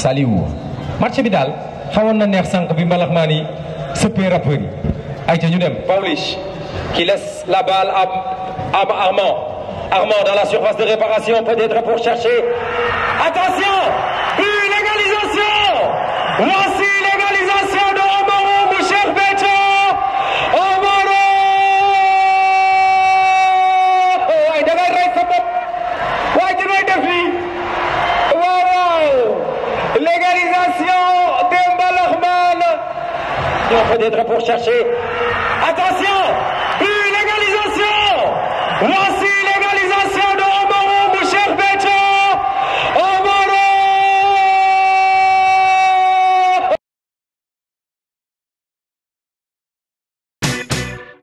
Saliou match bi daal xawoon na neex sànq bi mbalax maa ni sëppee dem Pawlish qui laisse la balle Armand Armand dans la surface de réparation peut-être pour chercher attention une égalisation Attention, peut-être pour chercher. Attention Plus l'égalisation